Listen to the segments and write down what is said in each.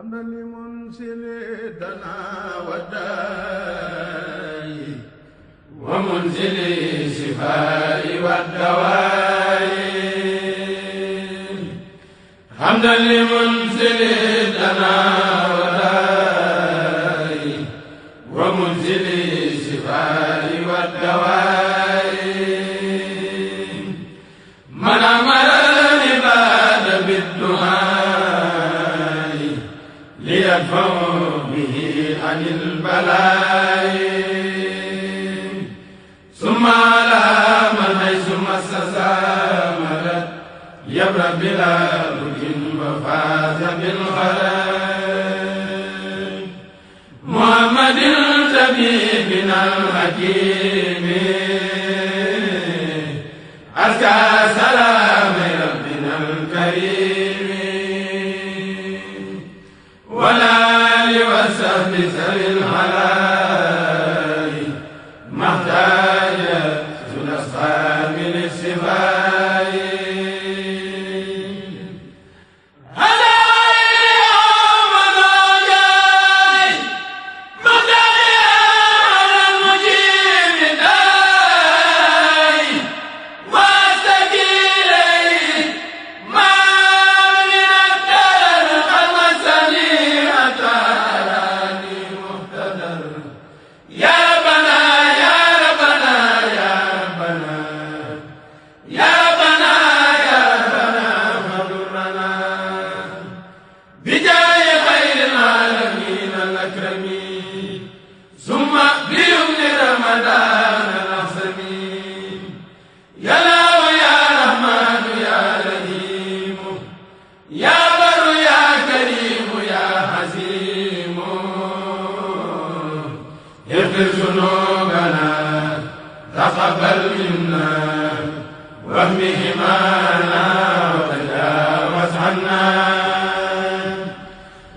حمدا لمنسل وداي ومنزل الشفاء والدواء حمدا لمنزل الدنا يدفع به عن البلاء ثم على من حيث مس سامرت يبرأ بلا رد وفاز بالخلاء محمد طبيبنا الحكيم تقبل منا وهمهمانا وتجاوز عنا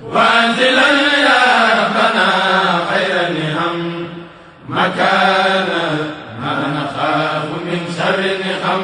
وانزلا يا ربنا خير النهم مكانا ما نخاف من شر النهم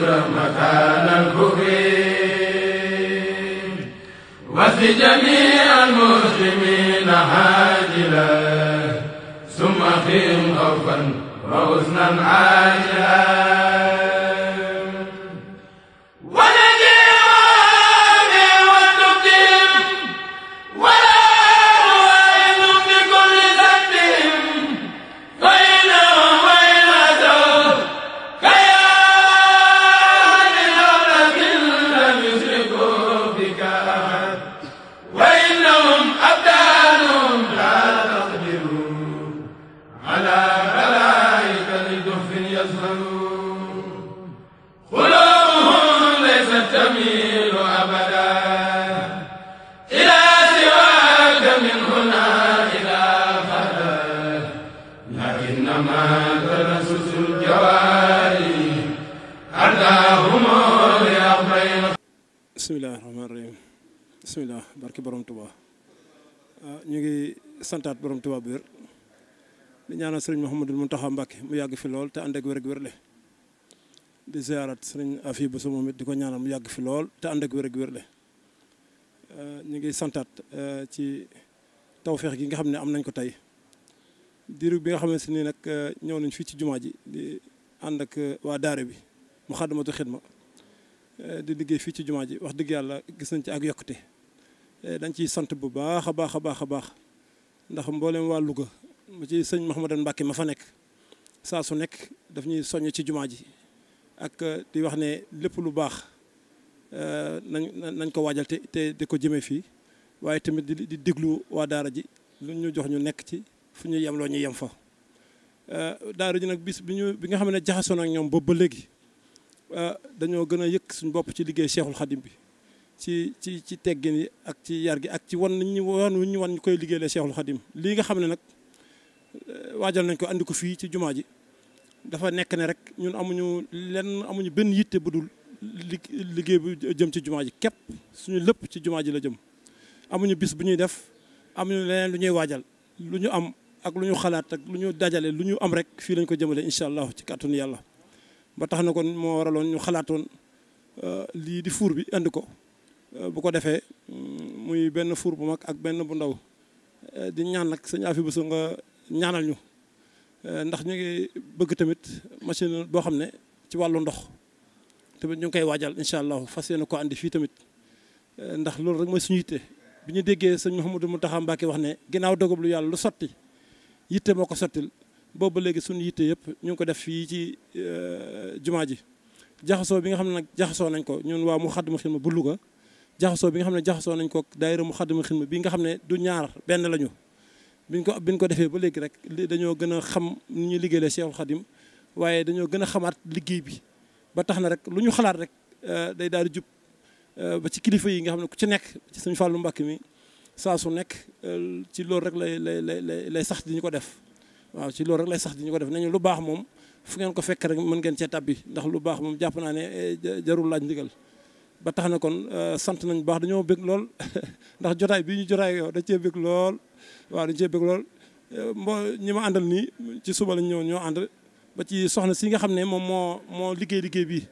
شكرا مكان الكفر وفي جميع المسلمين هاجلا ثم فيهم خوفا وحزنا عاجلا bisimilah rahmaani rahim bisimilah barki borom Touba ah, ñu ngi santaat borom Touba bu wér di ñaanal sëriñ Mouhamadul Mountakha Mbacké mu yàgg fi lool te ànd ak wér gu wér le di ziarat sëriñ Afi bu sama mit di ko ñaanal mu yàgg fi lool te ànd ak wér gu wér le ah, ñu ngi santaat ah, ci tawfeex gi nga xam ne am nañ ko tey diiru bi nga xamante nii nag euh, ñëw nañ fii ci jumaa ji di ànd ak euh, waa daara bi mu xaddamatu xidma euh, di liggéey fii ci jumaa ji wax dëgg yàlla gis nañ ci ak yokkute dañ ciy sant bu baax a baax a baax a baax ndax mbooleem waa mu ci sëñ Mouhamadou Mbacke ma fa nekk saa su nekk daf ñuy soññ ci jumaa ji ak di wax ne lépp lu baax nañ nañ ko waajal te di ko jëmee fii waaye tamit di di déglu waa daara ji lu ñu jox ñu nekk ci fu ñu yemloo ñu yem fa euh, daara ji nag bis bi ñu bi nga xam ne jaxasoo ak ñoom boobu ba léegi euh, dañoo gën a yëkk suñu bopp ci liggéey Cheikhul Khadim bi ci ci ci teggin yi ak ci yar gi ak ci wan ñu wan ñu wan ñu koy liggéeyee Cheikhul Khadim lii nga xam ne nag euh, waajal nañ ko andi ko fii ci jumaa ji dafa nekk ne rek ñun amuñu lenn amuñu benn yitte bu dul liggéey bu jëm ci jumaa ji képp suñu lépp ci jumaa ji la jëm amuñu bis bu ñuy def amuñu leneen lu ñuy waajal ak lu ñu xalaat ak lu ñu dajale lu ñu am rek fii lañ ko jëmale incha allah ci kàttanu yàlla ba tax na kon moo waraloon ñu xalaatoon euh, lii di fuur bi indi ko euh, bu ko defee mm, muy benn fuur bu mag ak benn bu ndaw euh, di ñaan nag sëñ Afi Bousso nga ñaanal ñu ndax ñu ngi bëgg tamit machine boo xam ne ci wàllu ndox tamit ñu ngi koy waajal incha allah fas yéene ko andi fii tamit ndax loolu rek mooy suñu yitte bi ñu déggee sëñ Mouhamadou Mountakha Mbacké wax ne ginnaaw dogob yàlla lu sotti yitte moo ko sottil boobu ba léegi suñu yitte yëpp ñu ngi ko def fii ci euh, jumaa ji jaxasoo bi nga xam ne nag jaxasoo nañ ko ñun waa mu xadduma xidma bu Louga jaxasoo bi nga xam ne jaxasoo nañ ko daayira mu xadduma xidma bi nga xam ne du ñaar benn lañu biñ ko bi nga ko defee ba léegi rek dañoo gën a xam nu ñuy liggéeyee Cheikhul xaddim waaye dañoo gën a xamaat liggéey bi ba tax na rek lu ñu xalaat rek euh, day daal di jub euh, ba ci kilifa yi nga xam ne ku ci nekk ci suñu fàllu mbàkk mi saa su nekk euh, ci loolu rek lay lay lay sax di ñu ko def waaw ci loolu rek lay sax di ñu ko def nañu lu baax moom fu ngeen ko fekk rek mën ngeen cee tabbi ndax lu baax moom jàpp naa ne eh, jarul laaj ndigal ba tax na kon euh, sant nañu baax dañoo bëgg lool ndax jotaay bii ñu jotaay yow dañ cee bëgg lool waaw dañ cee bëgg lool euh, mboo ñi ma àndal nii ci suba lañ ñëw ñoo ànd ba ci soxna si nga xam ne moom moo moo liggéey liggéey bii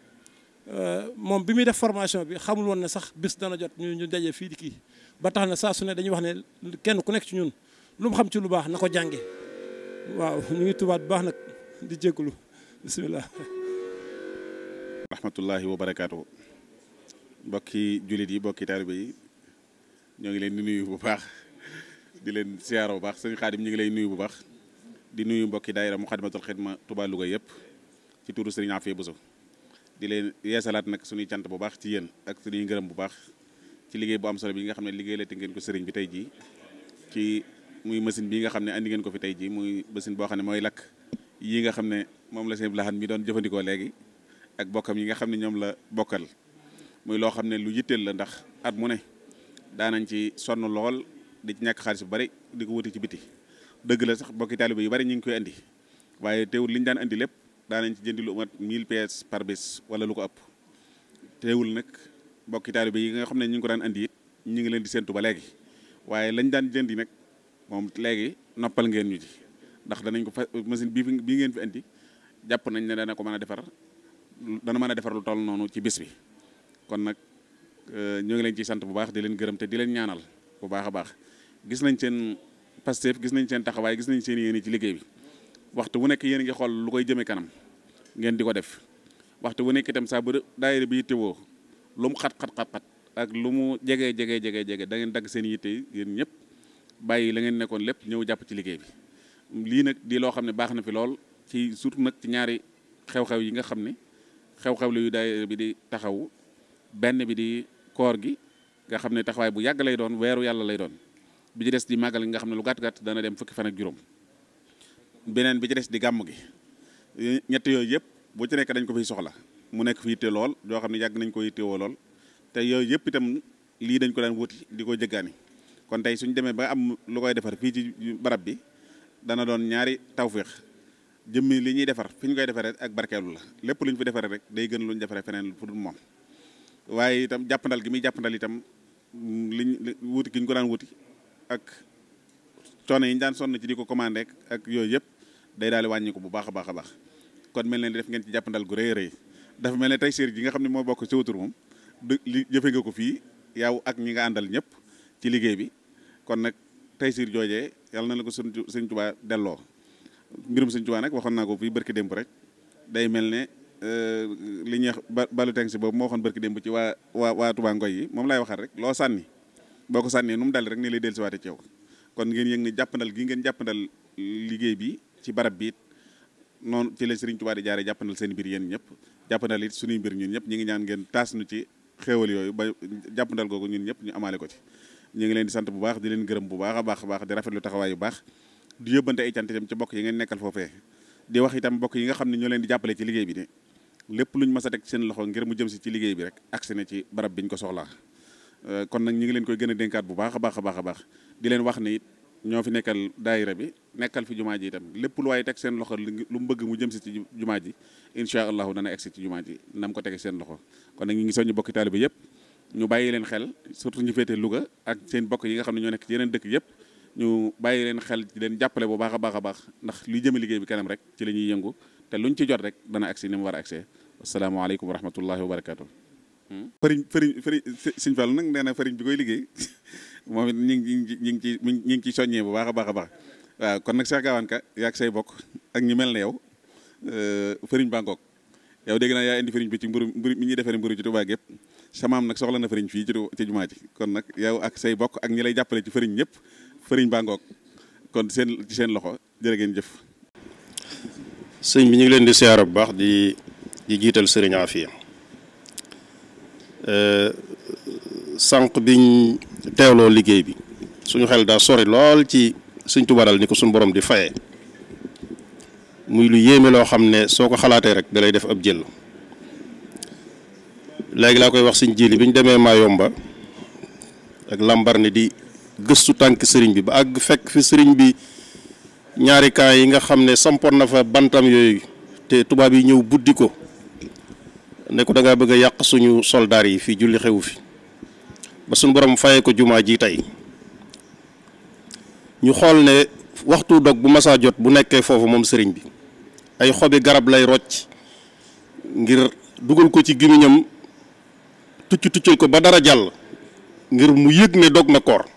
Euh, moom bi muy def formation bi xamul na sax bis dana jot ñu ñu daje fii di kii ba tax na saa su ne dañuy wax ne kenn ku nekk ci ñun lu mu xam ci lu baax na ko jànge waaw ñu ngi tubaat bu baax nag di jégalu bisimilah. rahmatullahi wa barakaatu mbokki jullit yi mbokki taalibe yi ñoo ngi leen di nuyu bu baax di leen siyaara bu baax sëñ Xaadim ñu ngi lay nuyu bu baax di nuyu mbokki daayira Muxaddamatul Xidma Tuubaa Louga yëpp ci turu Sëriñ Afee di leen yeesalaat nag suñuy cant bu baax ci yéen ak suñuy ngërëm bu baax ci liggéey bu am solo bi nga xam ne liggéey la te ngeen ko sëriñ bi tey jii ci muy machine bi nga xam ne indi ngeen ko fi tey jii muy machine boo xam ne mooy lakk yi nga xam ne moom la seen laxan mi doon jëfandikoo léegi ak bokkam yi nga xam ne ñoom la bokkal muy loo xam ne lu yitteel la ndax at mu ne daanañ ci sonn lool di ci ñàkk xaalis bu bari di ko wuti ci biti dëgg la sax bokki taalibe yu bari ñu ngi koy andi waaye teewul liñ daan indi lépp daanañ ci jëndi lu mat 1000 pièces par bés wala lu ko ëpp teewul nag mbokki taalibe yi nga xam ne ñu ngi ko daan indi it ñu ngi leen di séntu ba léegi waaye lañ daan jëndi nag moom léegi noppal ngeen ñu ji ndax danañ ko fa machine bii bii ngeen fi andi jàpp nañ ne dana ko mën a defar dana mën a defar lu toll noonu ci bis bi kon nag euh, ñoo ngi leen ciy sant bu baax di leen gërëm te di leen ñaanal bu baax a baax gis nañ seen Pastef gis nañ seen taxawaay gis nañ seen yéene ci liggéey bi waxtu wu nekk yéen ngi xool lu koy jëmee kanam ngeen di ko def waxtu wu nekk itam saa bu daayira bi yittewoo lu mu xat xat xat ak lu mu jege jege jege jege da dagg seen yitte yéen ñëpp bàyyi la ngeen nekkoon lépp ñëw jàpp ci liggéey bi. lii nag di loo xam ne baax na fi lool ci surtout nag ci ñaari xew-xew yi nga xam ne xew-xew la yu daayira bi di taxaw benn bi di koor gi nga xam ne taxawaay bu yàgg lay doon weeru yàlla lay doon bi ci des di màggal nga xam ne lu gàtt gàtt dana dem fukki fan ak juróom. beneen bi ci des di gàmm gi ñetti yooyu yëpp bu ci nekk dañ ko fiy soxla mu nekk fi yitte lool yoo xam ne yàgg nañ ko yittewoo lool te yooyu yëpp itam lii dañ ko daan wuti di ko jëggaani kon tey suñ demee ba am lu koy defar fii ci barab bi dana doon ñaari tawféex jëmmi li ñuy defar fi koy defaree ak barkeelu la lépp lu ñu defaree rek day gën luñ defare defaree feneen fu dul moom waaye itam jàppandal gi muy jàppandal itam liñ wuti gi ñu ko daan wuti ak coono yi ñu daan sonn ci di ko commandé ak yooyu yëpp. day daal di wàññi ko bu baax a baax a baax kon mel ne def ngeen ci jàppandal gu rëy a rëy dafa mel ne tey séer ji nga xam ne moo bokk ci wutur moom li jëfe nga ko fii yow ak ñi nga àndal ñëpp ci liggéey bi kon nag tey siir yàlla na la ko sëñ sëñ Tuubaa delloo mbirum sëñ Tuubaa nag waxoon naa ko fii barki démb rek day mel ne euh, li ñuy wax balu teng si boobu moo waxoon barki démb ci yi moom laay waxaat loo sànni boo ko sànnee nu mu dal rek nii lay dellusiwaatee ci yow kon ngeen yëg ne jàppandal gi ngeen jàppandal liggéey bi ci barab bi it noonu ci la Serigne Touba di jaare jàppanal seen mbir yéen ñëpp jàppandal it suñuy mbir ñun ñëpp ñu ngi ñaan ngeen taas nu ci xéewal yooyu ba jàppandal googu ñun ñëpp ñu amaale ko ci ñu ngi leen di sant bu baax di leen gërëm bu baax a baax a baax di rafetlu taxawaay yu baax di yóbbante ay cant ci bokk yi ngeen nekkal foofee di wax itam yi nga xam ne ñoo leen di jàppale ci liggéey bi ne lépp luñ mas a seen loxo ngir mu jëm si ci liggéey bi rek agsi na ci barab biñ ko soxlaa kon nag ñu ngi leen koy gën a dénkaat bu baax a baax a baax a baax di leen wax ne it ñoo fi nekkal daayira bi nekkal fi jumaa ji itam lépp lu waaye teg seen loxo lu mu bëgg mu jëm si ci jumaa ji incha allahu dana egsi ci jumaa ji nam ko tege seen loxo kon nag ñu ngi soññu bokki taalibe yëpp ñu bàyyi leen xel surtout ñu féete luga ak seen bokk yi nga xam ne ñoo nekk ci yeneen dëkk yëpp ñu bàyyi leen xel leen jàppale bu baax a baax a baax ndax li jëme liggéey bi kanam rek ci la ñuy yëngu te luñ ci jot rek dana agsi ni mu war a agsee asalaamaaleykum wa rahmatullahi wa barakatuh fariñ fariñ fariñ sëñ Fall nag nee na fariñ bi koy liggéey moom it ñu ngi ñu ngi ci ñu ngi ciy soññee bu baax a baax a baax waaw kon nag Cheikh Gawane Ka yaa say bokk ak ñi mel ne yow euh, fariñ Bangkok yow dégg naa yaa indi fariñ bi ci mburu mburu mi ñuy defaree mburu ci Tuubaa gépp samaam nag soxla na fariñ fii ci ci jumaa ji kon nag yow ak say bokk ak ñi lay jàppale ci fariñ ñëpp fariñ Bangkok kon seen ci seen loxo jërë ngeen jëf. sëñ bi ñu leen di siyaara bu baax di di jiital sëriñ Afia. Euh, sànq biñ teewloo liggéey bi suñu xel daal sori lool ci suñ tubaral ni ko suñu borom di fayee muy lu yéeme loo xam ne soo ko xalaatee rek dalay def ab jël léegi laa koy wax suñ jili bi ñu demee Mayomba ak lambar ni di gëstu tànk sëriñ bi ba ak fekk fi sëriñ bi ñaari camp yi nga xam ne sampoon na fa bantam yooyu te tubaab yi ñëw buddi ko ne ko da bëgg a yàq suñu soldaar yi fii julli xewu fi ba suñu borom fayee ko jumaa ji tey ñu xool ne waxtu dog bu masaa jot bu nekkee foofu moom sëriñ bi ay xobi garab lay rocc ngir dugal ko ci gémmiñam tucc tuccal ko ba dara jàll ngir mu yëg ne dog na koor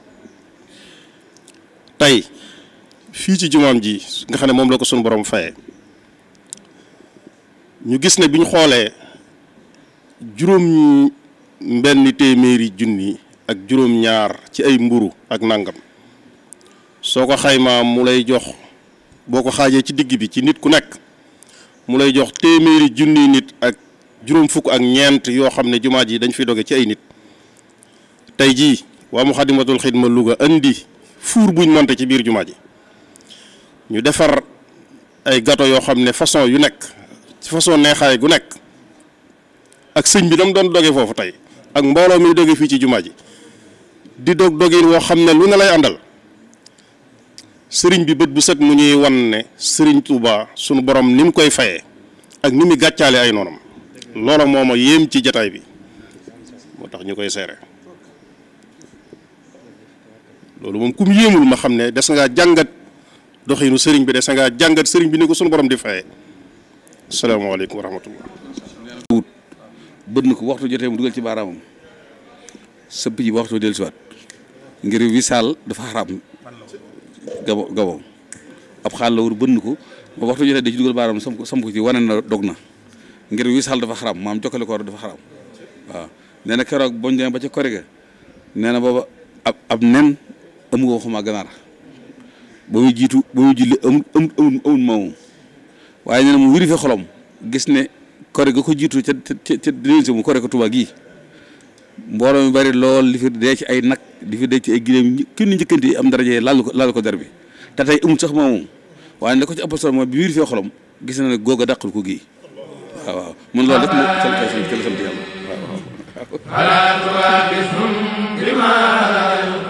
tey fii ci jumaam ji nga xam ne moom la ko suñu borom fayee ñu gis ne bi ñu xoolee juróom benn téeméeri junni ak juróom-ñaar ci ay mburu ak nangam soo ko xaymaa mu lay jox boo ko xaajee ci digg bi ci nit ku nekk mu lay jox téeméeri junni nit ak juróom fukk ak ñeent yoo xam ne jumaa ji dañ fi doge ci ay nit tey jii waa mu xadimatul xidma Louga indi fuur buñ monte ci biir jumaa ji ñu defar ay gato yoo xam ne façon yu nekk ci façon neexaay gu nekk ak sëñ bi dam doon doge foofu tey ak mbooloo mi doge fii ci jumaa ji di dog dogin woo xam ne lu ne lay àndal sëriñ bi bët bu set mu ñuy wan ne sëriñ Touba sunu borom ni mu koy fayee ak ni mu gàccaale ay noonam loola moo ma yéem ci jataay bi moo tax ñu koy seere loolu moom kum yéemul ma xam ne des ngaa jàngat doxinu sëriñ bi des ngaa jàngat sëriñ bi ni ko sunu borom di fayee salaamaaleykum wa rahmatullah bët na ko waxtu jotee mu dugal ci baaraamam sëpp ji ba waxtu dellusiwaat ngir wisaal dafa xaraam gabo gabo ab xaal la wër bët na ko ba waxtu jotee da ci dugal baaraamam sam ko sam wane na dog na ngir wisaal dafa xaraam maam jokkale koor dafa xaram waaw nee na keroog boñ demee ba ca korige nee na booba ab ab nen amu ko muy jiitu ba muy julli amul amul waaye nee mu wiri xolom gis ne. kore ga ko jiitu ca ca ca mu kore ko Tuubaa gii mbooloo mi bari lool li fi dee ci ay nag li fi dee ci ay gileem kenn njëkkante am daraje laal ko ko der bi te tey amul sax moomu waaye ne ko ci apostol mooy bi biir fee xolam gis na ne a daq ko gii waaw waaw man loolu rek moo sant sant yàlla waaw waaw.